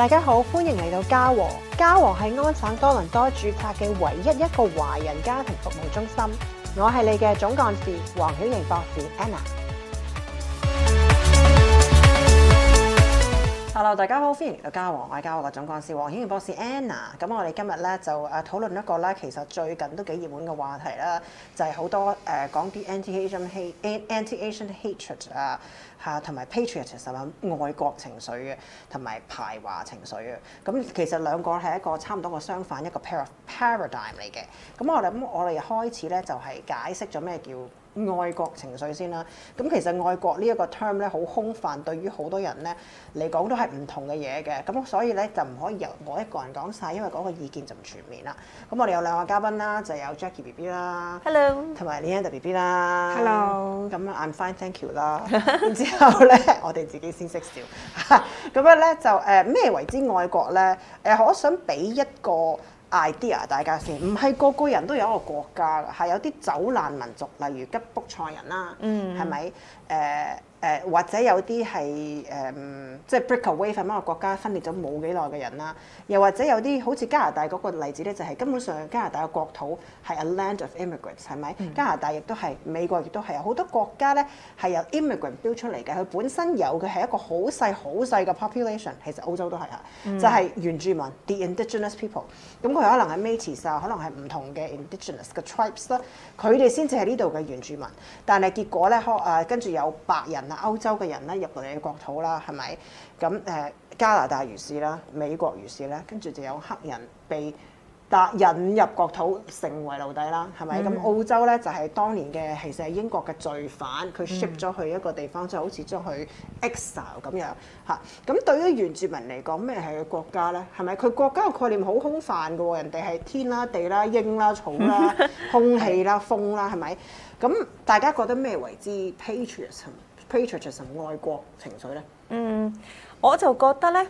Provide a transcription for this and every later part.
大家好，歡迎嚟到家和。家和係安省多倫多註冊嘅唯一一個華人家庭服務中心。我係你嘅總幹事黃曉瑩博士 Anna。Hello，大家好，歡迎嚟到家和，我係家和嘅總幹事黃顯榮博士 Anna。咁我哋今日咧就誒討論一個咧其實最近都幾熱門嘅話題啦，就係、是、好多誒、呃、講啲 anti-Asian hate anti-Asian hatred 啊嚇，同埋 patriotism 愛國情緒嘅，同埋排華情緒嘅。咁其實兩個係一個差唔多個相反，一個 pair of paradigm 嚟嘅。咁我諗我哋開始咧就係、是、解釋咗咩叫愛國情緒先啦，咁其實愛國呢一個 term 咧好空泛，對於好多人咧嚟講都係唔同嘅嘢嘅，咁所以咧就唔可以由我一個人講晒，因為嗰個意見就唔全面啦。咁我哋有兩個嘉賓啦，就有 Jackie B B 啦，Hello，同埋 Leander B B 啦，Hello，咁樣 I'm fine thank you 啦。 之後咧，我哋自己先識笑。咁樣咧就誒咩、呃、為之愛國咧？誒、呃，我想俾一個 idea 大家先。唔係個個人都有一個國家㗎，係有啲走難民族，例如吉卜賽人啦，嗯、係咪？誒。呃呃、或者有啲係即係 break away 喺某個國家分裂咗冇幾耐嘅人啦，又或者有啲好似加拿大嗰個例子咧，就係、是、根本上加拿大嘅國土係 a land of immigrants 係咪、嗯？加拿大亦都係美國亦都係有好多國家咧係由 immigrant build 出嚟嘅，佢本身有嘅係一個好細好細嘅 population，其實歐洲都係啊、嗯，就係、是、原住民 the indigenous people，咁佢可能係 maties 啊，可能係唔同嘅 indigenous 嘅 tribes 啦、啊，佢哋先至係呢度嘅原住民，但係結果咧、啊，跟住有白人。歐洲嘅人咧，入到你嘅國土啦，係咪咁？誒加拿大如是啦，美國如是咧，跟住就有黑人被帶引入國土成為奴隸啦，係咪咁？澳洲咧就係當年嘅，其實係英國嘅罪犯，佢 ship 咗去一個地方，嗯、就好似將佢 exile 咁樣嚇。咁對於原住民嚟講，咩係個國家咧？係咪佢國家嘅概念好空泛嘅？人哋係天啦、啊、地啦、啊、英啦、啊、草啦、啊、空氣啦、啊、風啦、啊，係咪咁？ 大家覺得咩為之 patriotism？atrich，其實愛國情緒咧，嗯，我就覺得咧，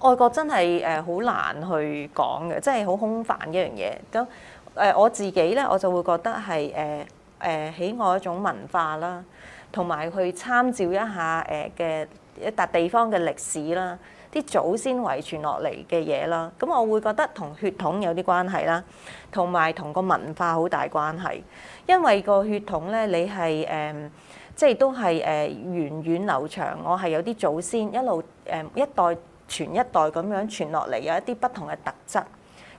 愛國真係誒好難去講嘅，即係好空泛一樣嘢。咁誒我自己咧，我就會覺得係誒誒喜愛一種文化啦，同埋去參照一下誒嘅一笪地方嘅歷史啦，啲祖先遺傳落嚟嘅嘢啦。咁我會覺得同血統有啲關係啦，同埋同個文化好大關係，因為個血統咧，你係誒。即係都係誒源遠流長，我係有啲祖先一路誒、呃、一代傳一代咁樣傳落嚟，有一啲不同嘅特質。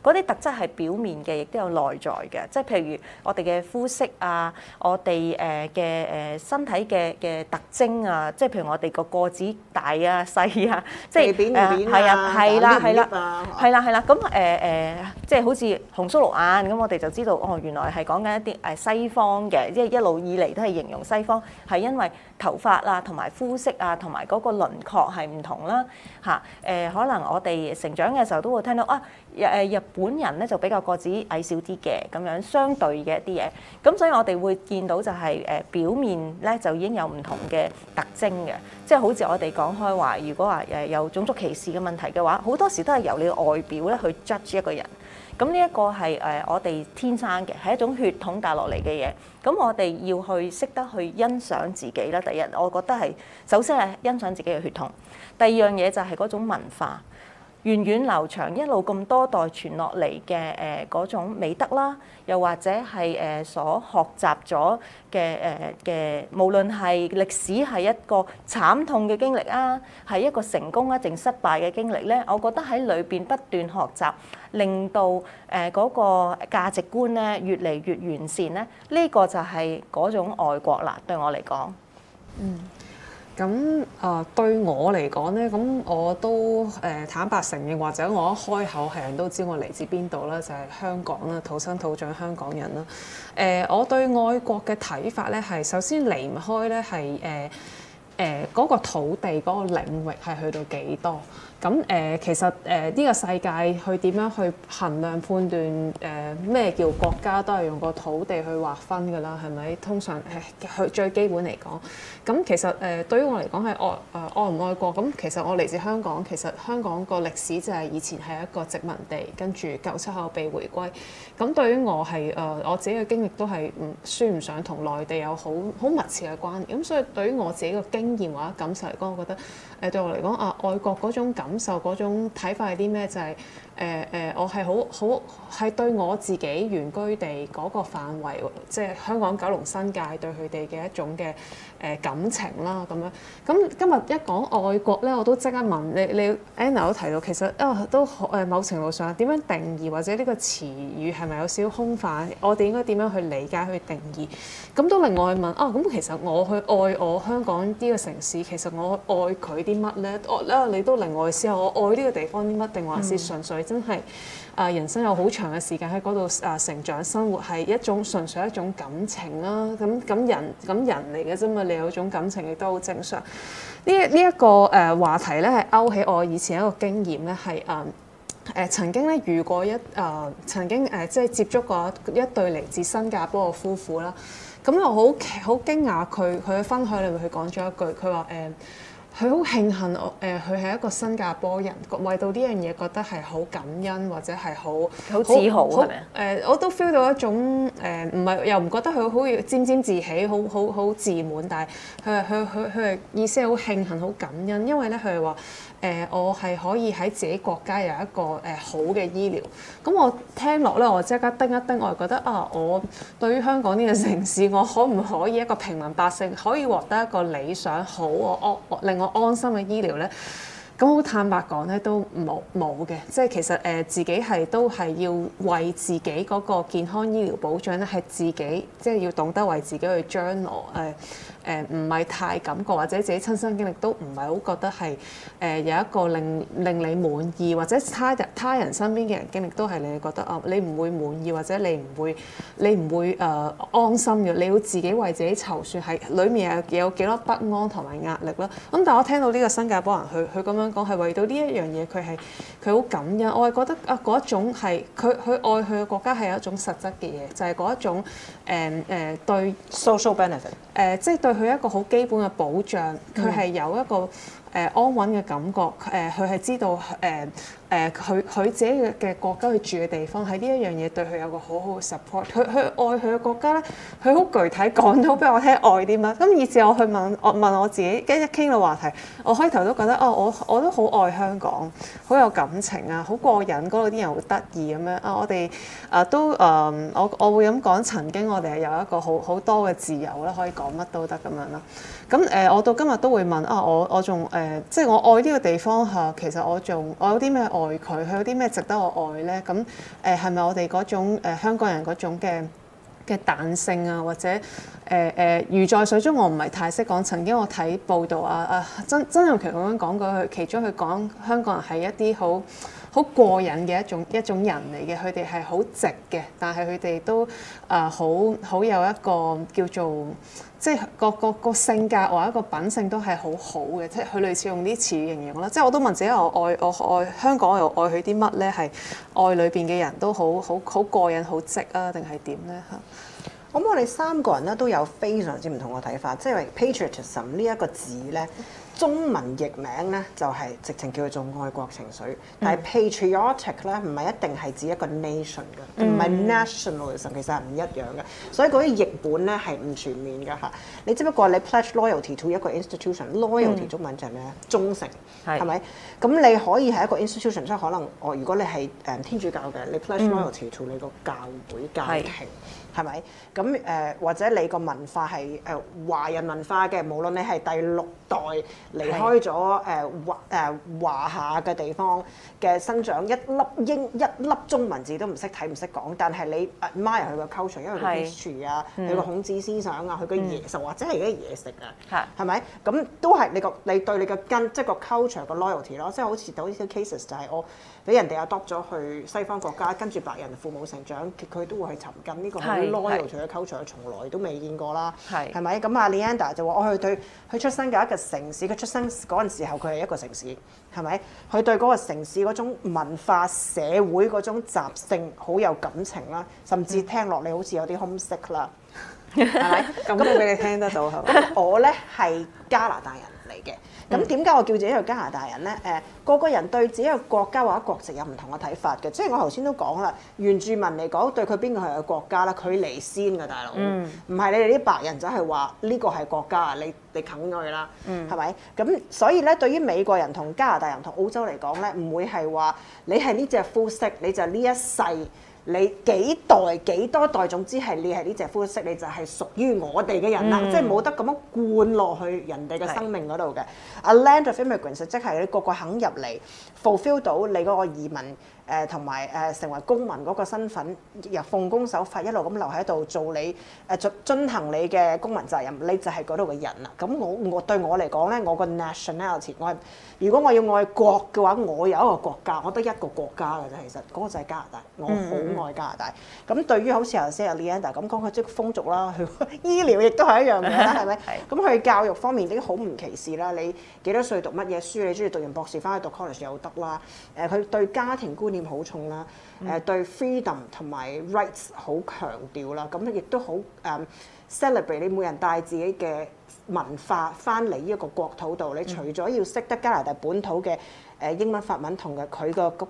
嗰啲特質係表面嘅，亦都有內在嘅，即係譬如我哋嘅膚色啊，我哋誒嘅誒身體嘅嘅特徵啊，即係譬如我哋個個子大啊細啊，即係誒係啊係啦係啦係啦係啦，咁誒誒即係好似紅鬚綠眼咁，我哋就知道哦，原來係講緊一啲誒西方嘅，即係一路以嚟都係形容西方係因為頭髮啊同埋膚色啊同埋嗰個輪廓係唔同啦嚇誒，可能我哋成長嘅時候都會聽到啊誒入本人咧就比較個子矮小啲嘅，咁樣相對嘅一啲嘢，咁所以我哋會見到就係、是、誒、呃、表面咧就已經有唔同嘅特徵嘅，即係好似我哋講開話，如果話誒、呃、有種族歧視嘅問題嘅話，好多時都係由你外表咧去 judge 一個人。咁呢一個係誒、呃、我哋天生嘅，係一種血統帶落嚟嘅嘢。咁我哋要去識得去欣賞自己啦。第一，我覺得係首先係欣賞自己嘅血統；第二樣嘢就係嗰種文化。源遠流長，一路咁多代傳落嚟嘅誒嗰種美德啦，又或者係誒所學習咗嘅誒嘅，無論係歷史係一個慘痛嘅經歷啊，係一個成功啊定失敗嘅經歷咧，我覺得喺裏邊不斷學習，令到誒嗰個價值觀咧越嚟越完善咧，呢個就係嗰種愛國啦，對我嚟講。嗯。咁啊，對我嚟講呢，咁我都誒、呃、坦白承認，或者我一開口，係人都知我嚟自邊度啦，就係、是、香港啦，土生土長香港人啦。誒、呃，我對外國嘅睇法呢，係首先離唔開呢，係誒嗰個土地嗰、那個領域係去到幾多？咁誒、呃、其實誒呢、呃這個世界去點樣去衡量判斷誒咩、呃、叫國家都係用個土地去劃分噶啦，係咪？通常係、哎、最基本嚟講，咁其實誒、呃、對於我嚟講係愛誒、呃、愛唔愛國，咁其實我嚟自香港，其實香港個歷史就係以前係一個殖民地，跟住九七後被回歸，咁對於我係誒、呃、我自己嘅經歷都係唔算唔上同內地有好好密切嘅關係，咁所以對於我自己嘅經驗或者感受嚟講，我覺得誒、呃、對我嚟講啊，愛國嗰種感受感受嗰種睇法係啲咩？就係誒誒我係好好係對我自己原居地嗰個範圍，即、就、係、是、香港九龍新界對佢哋嘅一種嘅誒、呃、感情啦。咁樣咁今日一講愛國咧，我都即刻問你。你 Anna 都提到，其實啊都誒、啊、某程度上點樣定義或者呢個詞語係咪有少少空泛？我哋應該點樣去理解去定義？咁都另外問啊。咁其實我去愛我香港呢個城市，其實我愛佢啲乜咧？我、啊、咧你都另外。之後我愛呢個地方啲乜，定還是純粹真係誒人生有好長嘅時間喺嗰度誒成長生活，係一種純粹一種感情啦、啊。咁咁人咁人嚟嘅啫嘛，你有一種感情亦都好正常。呢呢一個誒話題咧，係勾起我以前的一個經驗咧，係誒誒曾經咧遇過一誒、呃、曾經誒、呃、即係接觸過一對嚟自新加坡嘅夫婦啦。咁我好好驚訝佢佢嘅分享裏面，佢講咗一句，佢話誒。呃佢好慶幸我誒，佢、呃、係一個新加坡人，為到呢樣嘢覺得係好感恩或者係好好自豪係咪啊？誒、呃，我都 feel 到一種誒，唔、呃、係又唔覺得佢好似沾沾自喜，好好好自滿，但係佢佢佢佢意思係好慶幸、好感恩，因為咧佢話誒，我係可以喺自己國家有一個誒、呃、好嘅醫療。咁我聽落咧，我即刻叮一叮，我就覺得啊，我對於香港呢個城市，我可唔可以一個平民百姓可以獲得一個理想好我我另外安心嘅醫療咧。咁好坦白講咧，都冇冇嘅，即係其實誒、呃、自己係都係要為自己嗰個健康醫療保障咧，係自己即係要懂得為自己去將來誒誒唔係太感覺或者自己親身經歷都唔係好覺得係誒、呃、有一個令令你滿意，或者他人他人身邊嘅人經歷都係你覺得啊、呃，你唔會滿意，或者你唔會你唔會誒、呃、安心嘅，你要自己為自己籌算係裏面有有幾多不安同埋壓力啦。咁、嗯、但我聽到呢個新加坡人佢佢咁樣。香港係為到呢一樣嘢，佢係佢好感恩。我係覺得啊，嗰一種係佢佢愛佢嘅國家係有一種實質嘅嘢，就係、是、嗰一種誒誒、呃呃、對 social benefit 誒、呃，即、就、係、是、對佢一個好基本嘅保障。佢係有一個誒、呃、安穩嘅感覺。誒、呃，佢係知道誒。呃誒佢佢自己嘅嘅國家去住嘅地方喺呢一樣嘢，對佢有個好好嘅 support，佢佢愛佢嘅國家咧，佢好具體講到俾我聽愛啲乜，咁以至我去問我問我自己，跟一傾到話題，我開頭都覺得哦、啊，我我都好愛香港，好有感情啊，好過癮，嗰度啲人好得意咁樣啊，我哋啊都啊我我會咁講，曾經我哋係有一個好好多嘅自由咧，可以講乜都得咁樣咯。咁誒、啊，我到今日都會問啊，我我仲誒、啊，即係我愛呢個地方嚇，其實我仲愛啲咩？愛佢，佢有啲咩值得我愛呢？咁誒係咪我哋嗰種、呃、香港人嗰種嘅嘅彈性啊，或者誒誒魚在水中，我唔係太識講。曾經我睇報道啊啊，曾曾蔭權咁樣講過，佢其，其中佢講香港人係一啲好。好過癮嘅一種一種人嚟嘅，佢哋係好直嘅，但係佢哋都啊好好有一個叫做即係個個個性格或者個品性都係好好嘅，即係佢類似用啲詞形容啦。即係我都問自己我，我愛我愛香港，我又愛佢啲乜咧？係愛裏邊嘅人都好好好過癮、好直啊，定係點咧？嚇！咁我哋三個人咧都有非常之唔同嘅睇法，即係 patriotism 呢一個字咧，中文譯名咧就係直情叫做愛國情緒。但係 patriotic 咧唔係一定係指一個 nation 嘅，唔係 nationalism，其實係唔一樣嘅。所以嗰啲譯本咧係唔全面嘅嚇。你只不過你 pledge loyalty to 一個 institution，loyalty 中文就係咩咧？忠誠係咪？咁你可以係一個 institution，即係可能我如果你係天主教嘅，你 pledge loyalty to 你個教會教廷。係咪？咁誒或者你個文化係誒華人文化嘅，無論你係第六代離開咗誒華誒華夏嘅地方嘅生長，一粒英一粒中文字都唔識睇唔識講，但係你 admire 佢個 culture，因為佢 history 啊，佢個、嗯、孔子思想啊，佢嘅嘢，或者係啲嘢食啊，係、嗯、咪？咁都係你個你對你個根即係個 culture 個 loyalty 咯，即、就、係、是就是、好似有啲 cases 就係我俾人哋 adopt 咗去西方國家，跟住白人父母成長，佢都會去尋根呢個。來路除咗溝出， 從來都未見過啦。係咪？咁阿 Leander 就話：我去對佢出生嘅一個城市，佢出生嗰陣時候佢係一個城市，係咪？佢對嗰個城市嗰種文化社會嗰種習性好有感情啦。甚至聽落你好似有啲空色啦，係咪？咁都俾你聽得到。我咧係加拿大人。嚟、嗯、嘅，咁點解我叫自己係加拿大人咧？誒，個個人對自己嘅國家或者國籍有唔同嘅睇法嘅。即係我頭先都講啦，原住民嚟講，對佢邊個係個國家啦？佢嚟先嘅大佬，唔、嗯、係你哋啲白人就係話呢個係國家啊！你你啃咗佢啦，係、嗯、咪？咁所以咧，對於美國人同加拿大人同澳洲嚟講咧，唔會係話你係呢隻膚色，你就呢一世。你幾代，幾多代，總之係你係呢隻膚色，你就係屬於我哋嘅人啦、嗯，即係冇得咁樣灌落去人哋嘅生命嗰度嘅。A land of immigrants 即係你個個肯入嚟 fulfill 到你嗰個移民。誒同埋誒成為公民嗰個身份，由奉公守法一路咁留喺度做你誒遵遵行你嘅公民責任，你就係嗰度嘅人啦。咁我我對我嚟講咧，我個 nationality，我係如果我要愛國嘅話，我有一個國家，我得一個國家嘅啫。其實嗰個就係加拿大，我好愛加拿大。咁對於好似頭先 Leonard 咁講，佢即風俗啦，佢醫療亦都係一樣嘅啦，係咪？咁佢教育方面已經好唔歧視啦，你幾多歲讀乜嘢書，你中意讀完博士翻去讀 college 又得啦。誒，佢對家庭觀念，好重啦、呃嗯，對 freedom 同埋 rights 好強調啦。咁亦都好 celebrate 你每人帶自己嘅文化翻嚟呢一個國土度。你除咗要識得加拿大本土嘅英文法文同嘅佢個嗰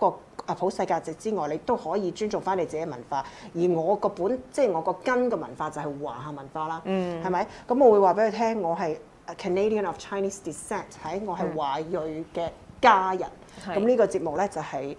個普世價值之外，你都可以尊重翻你自己嘅文化。而我個本即係、就是、我個根嘅文化就係華夏文化啦，係、嗯、咪？咁我會話俾佢聽，我係 Canadian of Chinese descent，喺我係華裔嘅家人。咁、嗯、呢個節目咧就係、是。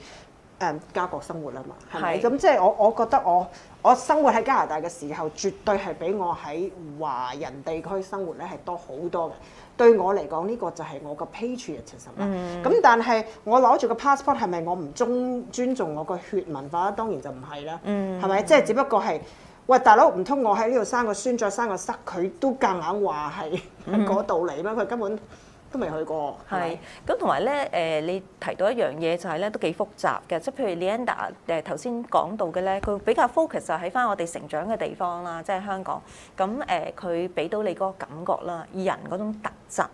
誒、嗯、家國生活啦嘛，係咪？咁即係我，我覺得我我生活喺加拿大嘅時候，絕對係比我喺華人地區生活咧係多好多嘅。對我嚟講，呢、呢個就係我個 patriotism 其實啦。咁、嗯、但係我攞住個 passport 係咪我唔尊尊重我個血文化咧？當然就唔係啦。係咪？即、嗯、係、就係、只不過係，喂大佬，唔通我喺呢度生個孫再生個室，佢都夾硬話係喺嗰度嚟咩？佢、嗯、根本。都未去過，係咁，同埋咧，誒、呃、你提到一樣嘢就係咧，都幾複雜嘅，即係譬如 Linda 誒、呃、頭先講到嘅咧，佢比較 focus 就喺返我哋成長嘅地方啦，即係香港，咁誒佢俾到你嗰個感覺啦，人嗰種特質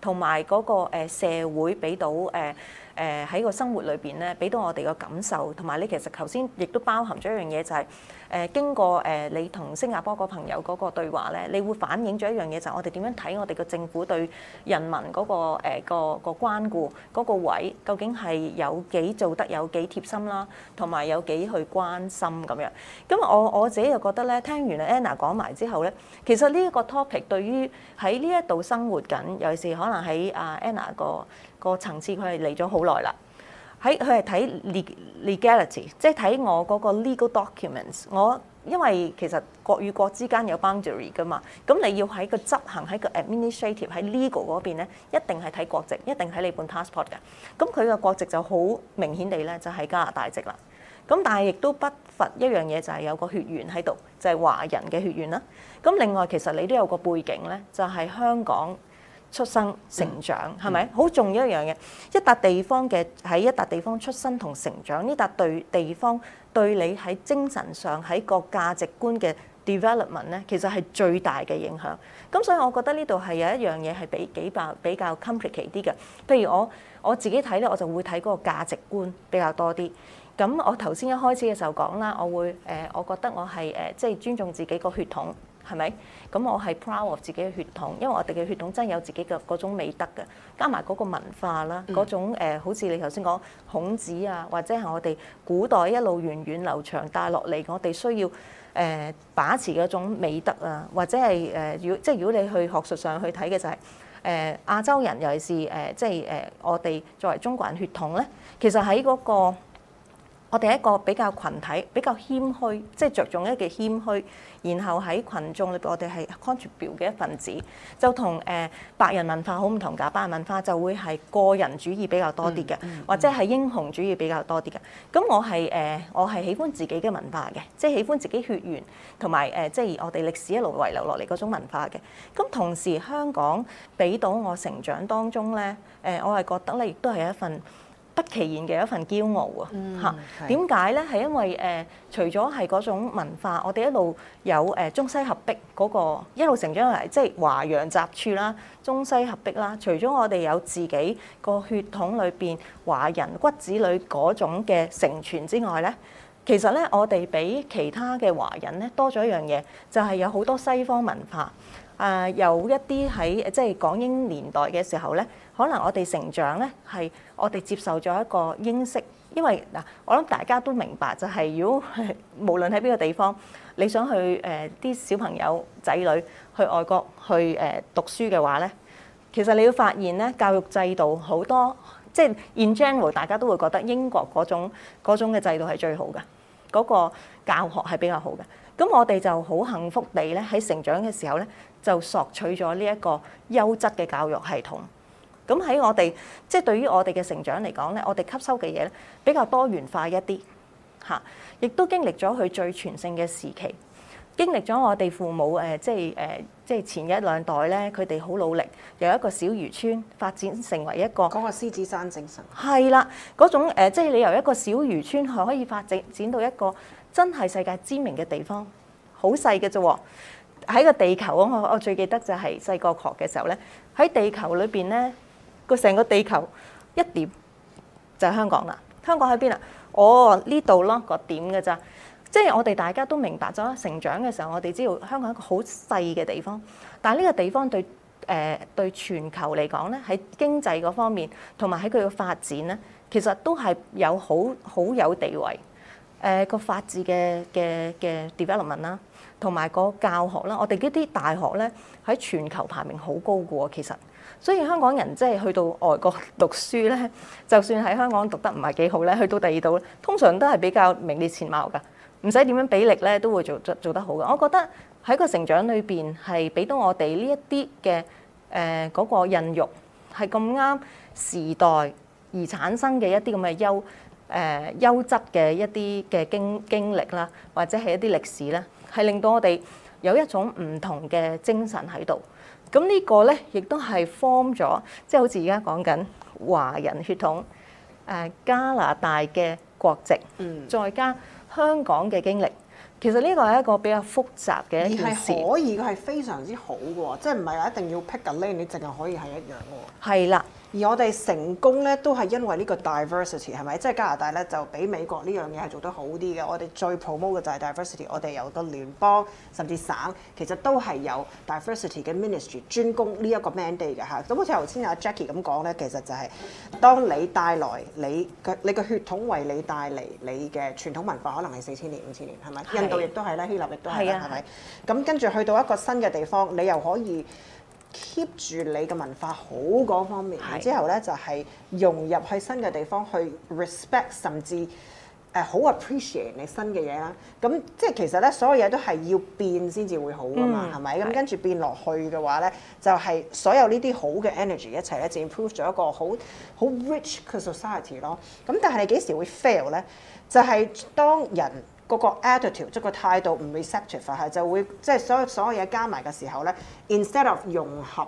同埋嗰個、呃、社會俾到誒。呃誒、呃、喺個生活裏邊咧，俾到我哋個感受，同埋你其實頭先亦都包含咗一樣嘢、就係，就係誒經過誒、呃、你同新加坡個朋友嗰個對話咧，你會反映咗一樣嘢樣嘢，就係我哋點樣睇我哋個政府對人民嗰、嗰個誒、呃、個個關顧嗰個位，究竟係有幾做得有幾貼心啦，同埋有，有幾去關心咁樣。咁我我自己又覺得咧，聽完 Anna 講埋之後咧，其實呢一個 topic 對於喺呢一度生活緊，尤其是可能喺阿 Anna 個。嗰個層次佢係嚟咗好耐啦，喺佢係睇 legality，即係睇我嗰個 legal documents 我。我因為其實國與國之間有 boundary 㗎嘛，咁你要喺個執行喺個 administrative 喺 legal 嗰邊咧，一定係睇國籍，一定係你本 passport 嘅。咁佢嘅國籍就好明顯地咧，就係、是、加拿大籍啦。咁但係亦都不乏一樣嘢，就係、是、有個血緣喺度，就係、是、華人嘅血緣啦。咁另外其實你都有個背景咧，就係、是、香港。出生成長係咪？好、嗯、重要一樣嘢。一笪地方嘅喺一笪地方出生同成長，呢笪對地方對你喺精神上喺個價值觀嘅 development 呢，其實係最大嘅影響。咁所以我覺得呢度係有一樣嘢係比幾百比較 complicated 啲嘅。譬如我我自己睇呢，我就會睇嗰個價值觀比較多啲。咁我頭先一開始嘅時候講啦，我會誒、呃，我覺得我係誒，即、呃、係、就是、尊重自己個血統。係咪？咁我係 proud of 自己嘅血統，因為我哋嘅血統真係有自己嘅嗰種美德嘅，加埋嗰個文化啦，嗰種、嗯呃、好似你頭先講孔子啊，或者係我哋古代一路源遠流長帶落嚟，我哋需要誒、呃、把持嗰種美德啊，或者係誒，如、呃、即係如果你去學術上去睇嘅就係、是、誒、呃、亞洲人，尤其是誒即係誒我哋作為中國人血統咧，其實喺嗰、那個。我哋一個比較群體，比較謙虛，即係着重一嘅謙虛。然後喺群眾裏邊，我哋係 contributor 嘅一份子。就同誒白人文化好唔同㗎，白人文化就會係個人主義比較多啲嘅、嗯嗯，或者係英雄主義比較多啲嘅。咁我係誒、呃，我係喜歡自己嘅文化嘅，即、就、係、是、喜歡自己血緣同埋誒，即係、呃就是、我哋歷史一路遺留落嚟嗰種文化嘅。咁同時香港俾到我成長當中咧，誒、呃、我係覺得咧，亦都係一份不其然嘅一份驕傲啊！嚇點解咧？係因為誒，除咗係嗰種文化，我哋一路有誒中西合璧嗰個一路成長嚟，即係華洋雜處啦，中西合璧啦。除咗我哋有自己個血統裏邊華人骨子裏嗰種嘅承傳之外咧，其實咧我哋比其他嘅華人咧多咗一樣嘢，就係有好多西方文化。啊，有一啲喺即係港英年代嘅時候咧。可能我哋成長咧，係我哋接受咗一個英式，因為嗱，我諗大家都明白就係、是，如果無論喺邊個地方，你想去啲、呃、小朋友仔女去外國去誒、呃、讀書嘅話咧，其實你要發現咧，教育制度好多即係 in general，大家都會覺得英國嗰種嗰種嘅制度係最好嘅，嗰、那個教學係比較好嘅。咁我哋就好幸福地咧喺成長嘅時候咧，就索取咗呢一個優質嘅教育系統。咁喺我哋即係對於我哋嘅成長嚟講咧，我哋吸收嘅嘢咧比較多元化一啲，嚇，亦都經歷咗佢最全盛嘅時期，經歷咗我哋父母誒、呃、即係誒、呃、即係前一兩代咧，佢哋好努力，由一個小漁村發展成為一個，嗰個獅子山精神，係啦，嗰種即係、呃即係、你由一個小漁村可可以發展展到一個真係世界知名嘅地方，好細嘅啫喎，喺個地球我我最記得就係細個學嘅時候咧，喺地球裏邊咧。個成個地球一點就係、係、香港啦，香港喺邊啊？哦，呢度咯個點嘅咋，即係我哋大家都明白咗成長嘅時候，我哋知道香港係一個好細嘅地方，但係呢個地方對誒、呃、對全球嚟講咧，喺經濟嗰方面同埋喺佢嘅發展咧，其實都係有好好有地位。誒、呃、個法治嘅嘅嘅 development 啦，同埋個教學啦，我哋呢啲大學咧喺全球排名好高嘅喎，其實，所以香港人即係去到外國讀書咧，就算喺香港讀得唔係幾好咧，去到第二度咧，通常都係比較名列前茅㗎，唔使點樣俾力咧，都會做做得好嘅。我覺得喺個成長裏邊係俾到我哋呢一啲嘅誒嗰個孕育係咁啱時代而產生嘅一啲咁嘅優。誒優質嘅一啲嘅經經歷啦，或者係一啲歷史啦，係令到我哋有一種唔同嘅精神喺度。咁、這個、呢個咧，亦都係 form 咗，即係好似而家講緊華人血統誒、呃、加拿大嘅國籍，嗯，再加香港嘅經歷。其實呢個係一個比較複雜嘅一件事。而係可以，佢係非常之好嘅喎，即係唔係一定要 pick a lane，你淨係可以係一樣嘅喎。係啦。而我哋成功咧，都係因為呢個 diversity，係咪？即係加拿大咧，就比美國呢樣嘢係做得好啲嘅。我哋最 promote 嘅就係 diversity，我哋有個聯邦甚至省，其實都係有 diversity 嘅 ministry 專攻呢一個 mandate 嘅嚇。咁好似頭先阿 Jackie 咁講咧，其實就係、是、當你帶來你嘅你嘅血統為你帶嚟你嘅傳統文化，可能係四千年、五千年，係咪？是啊、印度亦都係啦，希臘亦都係啦，係咪？咁跟住去到一個新嘅地方，你又可以。Keep 住你嘅文化好嗰方面，然之後咧就係、是、融入去新嘅地方去 respect 甚至誒好、uh, appreciate 你新嘅嘢啦。咁即係其實咧，所有嘢都係要變先至會好㗎嘛，係、嗯、咪？咁跟住變落去嘅話咧，就係、是、所有呢啲好嘅 energy 一齊咧，就 improve 咗一個好好 rich 嘅 society 咯。咁但係你幾時會 fail 咧？就係、是、當人。個、嗰個 attitude 即個態度唔 receptive，係就會即係所有所有嘢加埋嘅時候咧，instead of 融合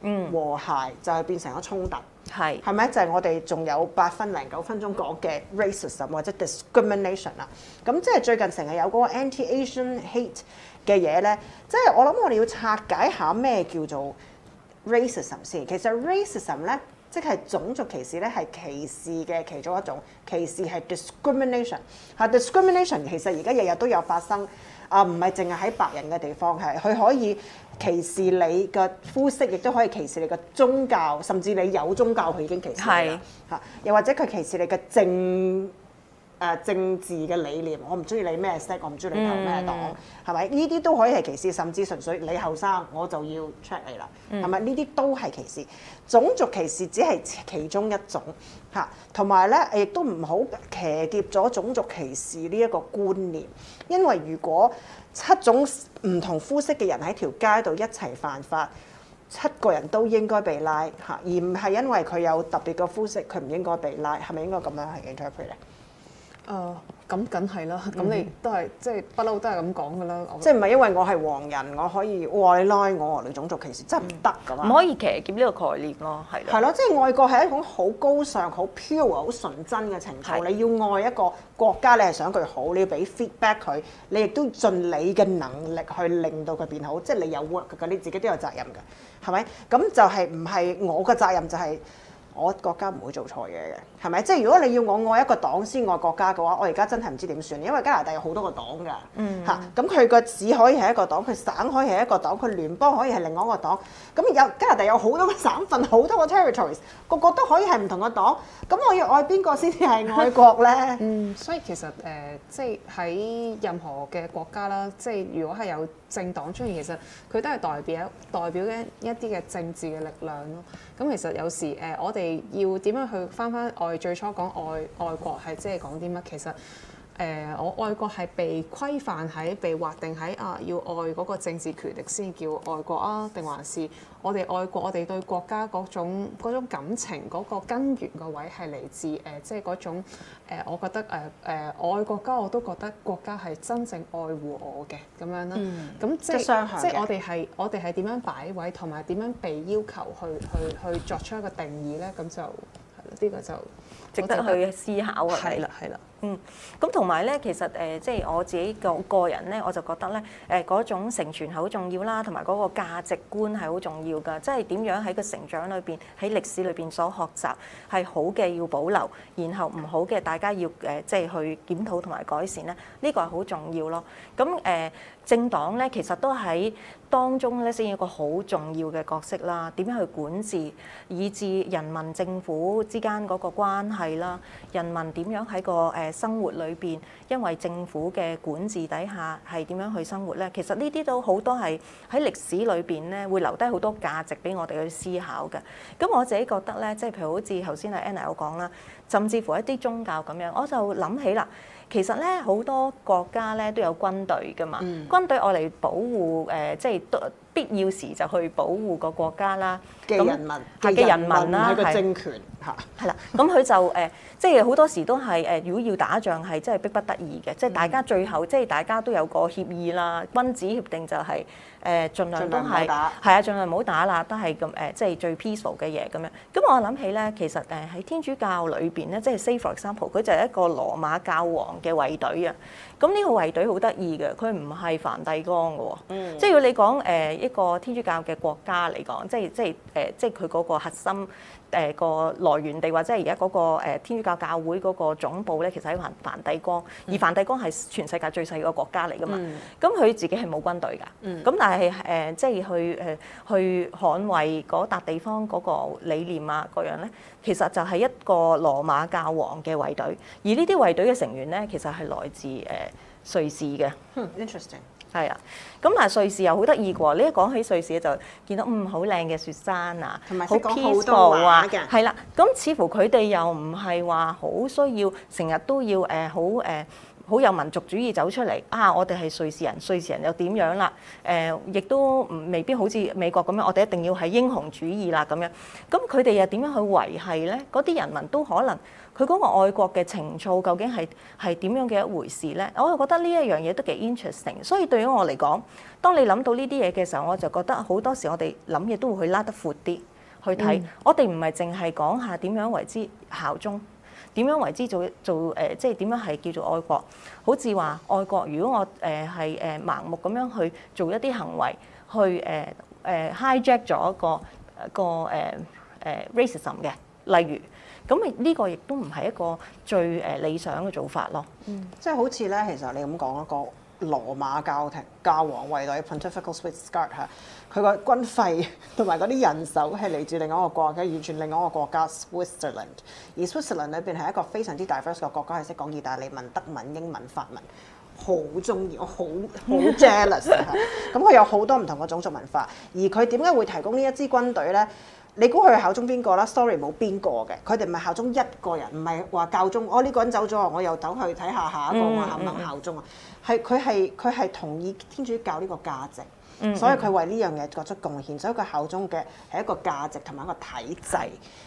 和諧、嗯、就係變成咗個衝突係係咪？就係、是、我哋仲有八分零九分鐘講嘅 racism 或者 discrimination 啦。咁即係最近成日有嗰個 anti-Asian hate 嘅嘢咧，即係我諗我哋要拆解一下咩叫做 racism 先。其實 racism 咧。即係種族歧視咧，係歧視嘅其中一種。歧視係 discrimination，嚇 discrimination 其實而家日日都有發生。啊、呃，唔係淨係喺白人嘅地方係，佢可以歧視你嘅膚色，亦都可以歧視你嘅宗教，甚至你有宗教佢已經歧視啦。嚇，又或者佢歧視你嘅正，誒、啊、政治嘅理念，我唔中意你咩色，我唔中意你投咩黨，係、嗯、咪？呢啲都可以係歧視，甚至純粹你後生我就要 check 你啦，係、嗯、咪？呢啲都係歧視，種族歧視只係其中一種嚇，同埋咧亦都唔好騎劫咗種族歧視呢一個觀念，因為如果七種唔同膚色嘅人喺條街度一齊犯法，七個人都應該被拉嚇、啊，而唔係因為佢有特別嘅膚色，佢唔應該被拉，係咪應該咁樣去 interpret 咧？誒咁梗係啦，咁你都係即係不嬲都係咁講㗎啦。即係唔係因為我係黃人，我可以哇你拉我你種族歧視，真係唔得噶嘛。唔可以騎劫呢個概念咯，係。係咯，即係愛國係一種好高尚、好 pure、好純真嘅情操。你要愛一個國家，你係想佢好，你要俾 feedback 佢，你亦都盡你嘅能力去令到佢變好。即係你有 work 㗎，你自己都有責任㗎，係咪？咁就係唔係我嘅責任就係、是。我國家唔會做錯嘢嘅，係咪？即係如果你要我愛一個黨先愛國家嘅話，我而家真係唔知點算。因為加拿大有好多個黨㗎，吓、嗯，咁佢個市可以係一個黨，佢省可以係一個黨，佢聯邦可以係另外一個黨。咁有加拿大有好多個省份，好多個 territories，個個都可以係唔同嘅黨。咁我要愛邊個先至係愛國咧？ 嗯，所以其實誒、呃、即係喺任何嘅國家啦，即係如果係有政黨出現，其實佢都係代表代表緊一啲嘅政治嘅力量咯。咁其實有時誒、呃、我哋要點樣去翻翻外最初講外外國，係即係講啲乜？其實。呃、我愛國係被規範喺，被劃定喺啊，要愛嗰個政治權力先叫愛國啊，定還是我哋愛國，我哋對國家嗰種、嗰種感情嗰個根源個位係嚟自誒、呃，即係嗰種、呃、我覺得誒誒，呃呃、愛國家我都覺得國家係真正愛護我嘅咁樣啦。咁、嗯、即係即係我哋係我哋係點樣擺位，同埋點樣被要求去去去作出一個定義咧？咁就。呢、這個就值得去思考嘅，係啦，係啦，嗯，咁同埋咧，其實誒，即、呃、係、就是、我自己個個人咧，我就覺得咧，誒、呃、嗰種承傳係好重要啦，同埋嗰個價值觀係好重要噶，即係點樣喺個成長裏邊，喺歷史裏邊所學習係好嘅要保留，然後唔好嘅大家要誒，即、呃、係、就是、去檢討同埋改善咧，呢、這個係好重要咯，咁、呃、誒。政黨咧，其實都喺當中咧，先有個好重要嘅角色啦。點樣去管治，以致人民政府之間嗰個關係啦，人民點樣喺個誒生活裏邊，因為政府嘅管治底下係點樣去生活咧？其實呢啲都好多係喺歷史裏邊咧，會留低好多價值俾我哋去思考嘅。咁我自己覺得咧，即係譬如好似頭先阿 Anna 我講啦，甚至乎一啲宗教咁樣，我就諗起啦。其實咧，好多國家咧都有軍隊噶嘛，嗯、軍隊我嚟保護誒、呃，即係必要時就去保護個國家啦，嘅人民，嘅人民啦，係個政權嚇，係啦，咁、啊、佢、嗯、就誒、呃，即係好多時都係誒、呃，如果要打仗係真係逼不得已嘅、嗯，即係大家最後即係大家都有個協議啦，君子協定就係、是。誒，儘量都係係啊，儘量唔好打啦，都係咁誒，即係最 peaceful 嘅嘢咁樣。咁我諗起咧，其實誒喺、呃、天主教裏邊咧，即係 say for example 佢就係一個羅馬教皇嘅衛隊啊。咁、這、呢個衛隊好得意嘅，佢唔係梵蒂岡嘅喎，即係如果你講誒、呃、一個天主教嘅國家嚟講，即係即係誒，即係佢嗰個核心。誒、呃、個來源地或者係而家嗰個、呃、天主教教會嗰個總部咧，其實喺梵梵蒂岡、嗯，而梵蒂岡係全世界最細個國家嚟噶嘛。咁、嗯、佢自己係冇軍隊㗎。咁、嗯、但係誒、呃，即係去誒去捍衛嗰笪地方嗰個理念啊，嗰樣咧，其實就係一個羅馬教皇嘅衛隊。而呢啲衛隊嘅成員咧，其實係來自誒、呃、瑞士嘅、嗯。Interesting. 係啊，咁啊瑞士又好得意喎。你一講起瑞士就見到嗯好靚嘅雪山啊，同埋好 peaceful 啊，係啦、啊。咁似乎佢哋又唔係話好需要成日都要誒好誒好有民族主義走出嚟啊！我哋係瑞士人，瑞士人又點樣啦？誒、呃，亦都唔未必好似美國咁樣，我哋一定要係英雄主義啦咁樣。咁佢哋又點樣去維繫咧？嗰啲人民都可能。佢嗰個愛國嘅情操究竟係係點樣嘅一回事咧？我又覺得呢一樣嘢都幾 interesting，所以對於我嚟講，當你諗到呢啲嘢嘅時候，我就覺得好多時我哋諗嘢都會去拉得闊啲去睇。我哋唔係淨係講下點樣為之效忠，點樣為之做做誒、呃，即係點樣係叫做愛國。好似話愛國，如果我誒係誒盲目咁樣去做一啲行為，去誒誒 hijack 咗一個個誒誒 racism 嘅，例如。咁咪呢個亦都唔係一個最誒理想嘅做法咯。嗯，即係好似咧，其實你咁講一個羅馬教廷教皇衛隊 Pontifical Swiss Guard 嚇，佢個軍費同埋嗰啲人手係嚟自另外一個國家，完全另外一個國家 Switzerland。Switzerland, 而 Switzerland 咧，係一個非常之 diverse 嘅國家，係識講意大利文、德文、英文、法文，好中意，我好好 jealous 嚇。咁佢 有好多唔同嘅種族文化，而佢點解會提供呢一支軍隊咧？你估佢效忠邊個啦？Sorry，冇邊個嘅，佢哋唔係效忠一個人，唔係話教宗。我、哦、呢、這個人走咗，我又走去睇下下一個我肯唔肯效忠啊？係佢係佢係同意天主教呢個價值、嗯，所以佢為呢樣嘢作出貢獻，所以佢效忠嘅係一個價值同埋一個體制，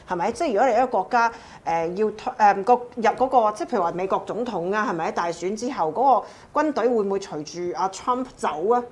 係咪？即係如果你一個國家誒、呃、要誒、呃那個入嗰、那個，即係譬如話美國總統啊，係咪？大選之後嗰、那個軍隊會唔會隨住阿 Trump 走啊？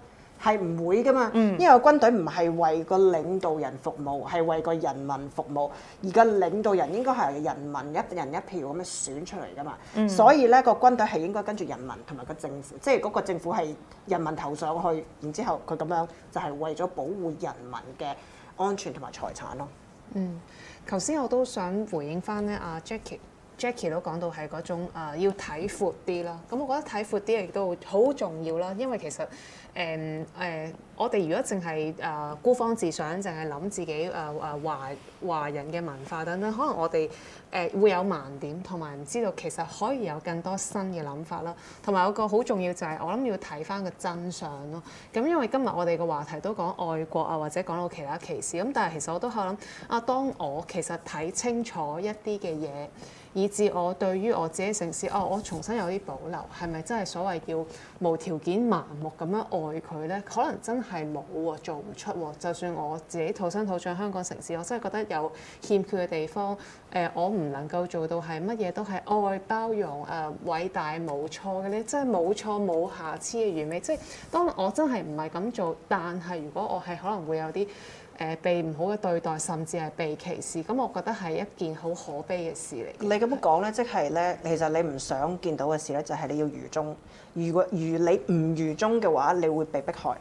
係唔會噶嘛？因為軍隊唔係為個領導人服務，係為個人民服務。而個領導人應該係人民一人一票咁樣選出嚟噶嘛。所以咧，個軍隊係應該跟住人民同埋個政府，即係嗰個政府係人民投上去，然之後佢咁樣就係為咗保護人民嘅安全同埋財產咯。嗯，頭先我都想回應翻咧，阿 Jackie。Jackie 都講到係嗰種、呃、要睇闊啲啦，咁我覺得睇闊啲亦都好重要啦，因為其實誒誒、嗯呃，我哋如果淨係誒孤芳自賞，淨係諗自己誒誒、呃、華華人嘅文化等等，可能我哋誒、呃、會有盲點，同埋唔知道其實可以有更多新嘅諗法啦。同埋有個好重要就係、是、我諗要睇返個真相咯。咁因為今日我哋嘅話題都講愛國啊，或者講到其他歧視，咁但係其實我都係諗，啊，當我其實睇清楚一啲嘅嘢。以至我對於我自己的城市，哦，我重新有啲保留，係咪真係所謂叫無條件盲目咁樣愛佢呢？可能真係冇喎，做唔出喎。就算我自己土生土長香港城市，我真係覺得有欠缺嘅地方，呃、我唔能夠做到係乜嘢都係愛包容誒、呃、偉大冇錯嘅呢，即係冇錯冇瑕疵嘅完美。即、就、係、是、當我真係唔係咁做，但係如果我係可能會有啲。誒被唔好嘅對待，甚至係被歧視，咁我覺得係一件好可悲嘅事嚟。你咁樣講呢，即係呢，其實你唔想見到嘅事呢，就係、是、你要愚忠。如果愚你唔愚忠嘅話，你會被迫害。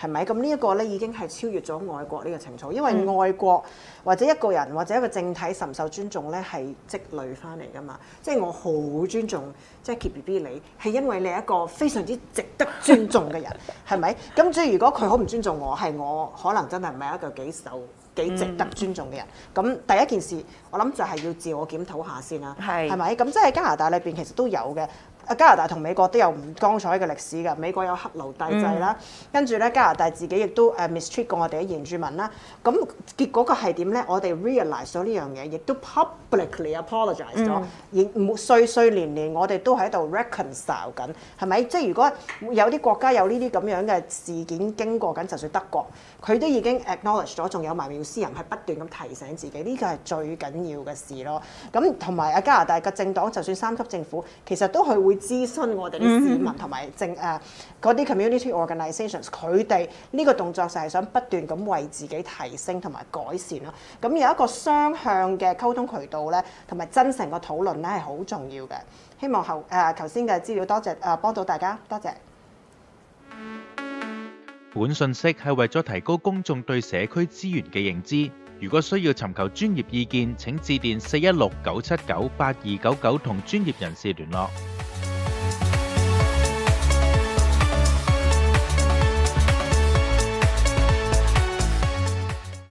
係咪？咁呢一個咧，已經係超越咗愛國呢個情緒，因為愛國或者一個人或者一個政體甚受尊重咧，係積累翻嚟㗎嘛。即係我好尊重 Jackie BB 你，係因為你係一個非常之值得尊重嘅人，係咪？咁即係如果佢好唔尊重我，係我可能真係唔係一個幾受幾值得尊重嘅人。咁、嗯、第一件事，我諗就係要自我檢討下先啦。係，係咪？咁即係加拿大裏邊其實都有嘅。啊！加拿大同美國都有唔光彩嘅歷史㗎。美國有黑奴帝制啦，跟住咧加拿大自己亦都誒 mistreat、呃、過我哋嘅原住民啦。咁結果個係點咧？我哋 realize 咗呢樣嘢，亦都 publicly apologize 咗。亦、嗯、冇歲歲年年我，我哋都喺度 reconcile 緊，係咪？即係如果有啲國家有呢啲咁樣嘅事件經過緊，就算德國，佢都已經 acknowledge 咗，仲有埋僆斯人係不斷咁提醒自己，呢個係最緊要嘅事咯。咁同埋啊加拿大嘅政黨，就算三級政府，其實都係會。諮詢我哋啲市民同埋政誒嗰啲 community organizations 佢哋呢個動作就係想不斷咁為自己提升同埋改善咯。咁有一個雙向嘅溝通渠道咧，同埋真誠嘅討論咧係好重要嘅。希望後誒頭先嘅資料多謝誒，幫、啊、到大家多謝。本信息係為咗提高公眾對社區資源嘅認知。如果需要尋求專業意見，請致電四一六九七九八二九九同專業人士聯絡。